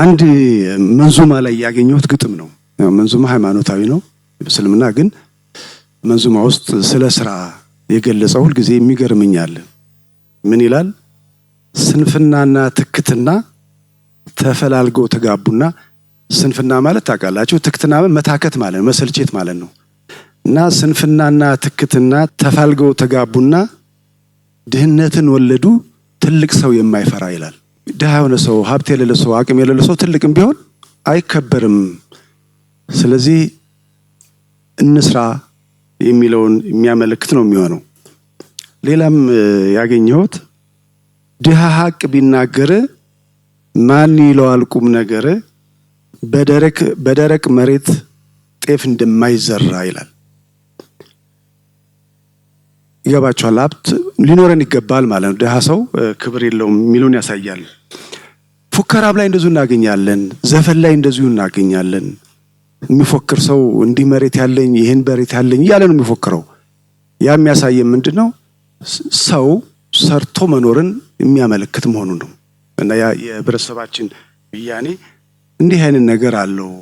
አንድ መንዙማ ላይ ያገኘሁት ግጥም ነው። መንዙማ ሃይማኖታዊ ነው እስልምና ግን መንዙማ ውስጥ ስለ ስራ የገለጸው ሁልጊዜ የሚገርምኛል። ምን ይላል? ስንፍናና ትክትና ተፈላልገው ተጋቡና ስንፍና ማለት ታውቃላችሁ፣ ትክትና መታከት ማለት መሰልቼት ማለት ነው። እና ስንፍናና ትክትና ተፋልገው ተጋቡና ድህነትን ወለዱ፣ ትልቅ ሰው የማይፈራ ይላል። ድሃ የሆነ ሰው ሀብት የሌለ ሰው አቅም የሌለ ሰው ትልቅም ቢሆን አይከበርም። ስለዚህ እንስራ የሚለውን የሚያመለክት ነው የሚሆነው። ሌላም ያገኘሁት ድሃ ሀቅ ቢናገር ማን ይለዋል ቁም ነገር በደረቅ መሬት ጤፍ እንደማይዘራ ይላል። ይገባቸዋል። ሀብት ሊኖረን ይገባል ማለት ነው። ድሃ ሰው ክብር የለውም የሚለውን ያሳያል። ፉከራም ላይ እንደዚሁ እናገኛለን። ዘፈን ላይ እንደዚሁ እናገኛለን። የሚፎክር ሰው እንዲህ መሬት ያለኝ ይህን መሬት ያለኝ እያለ ነው የሚፎክረው። ያ የሚያሳየ ምንድን ነው? ሰው ሰርቶ መኖርን የሚያመለክት መሆኑ ነው እና የህብረተሰባችን ብያኔ እንዲህ አይነት ነገር አለው።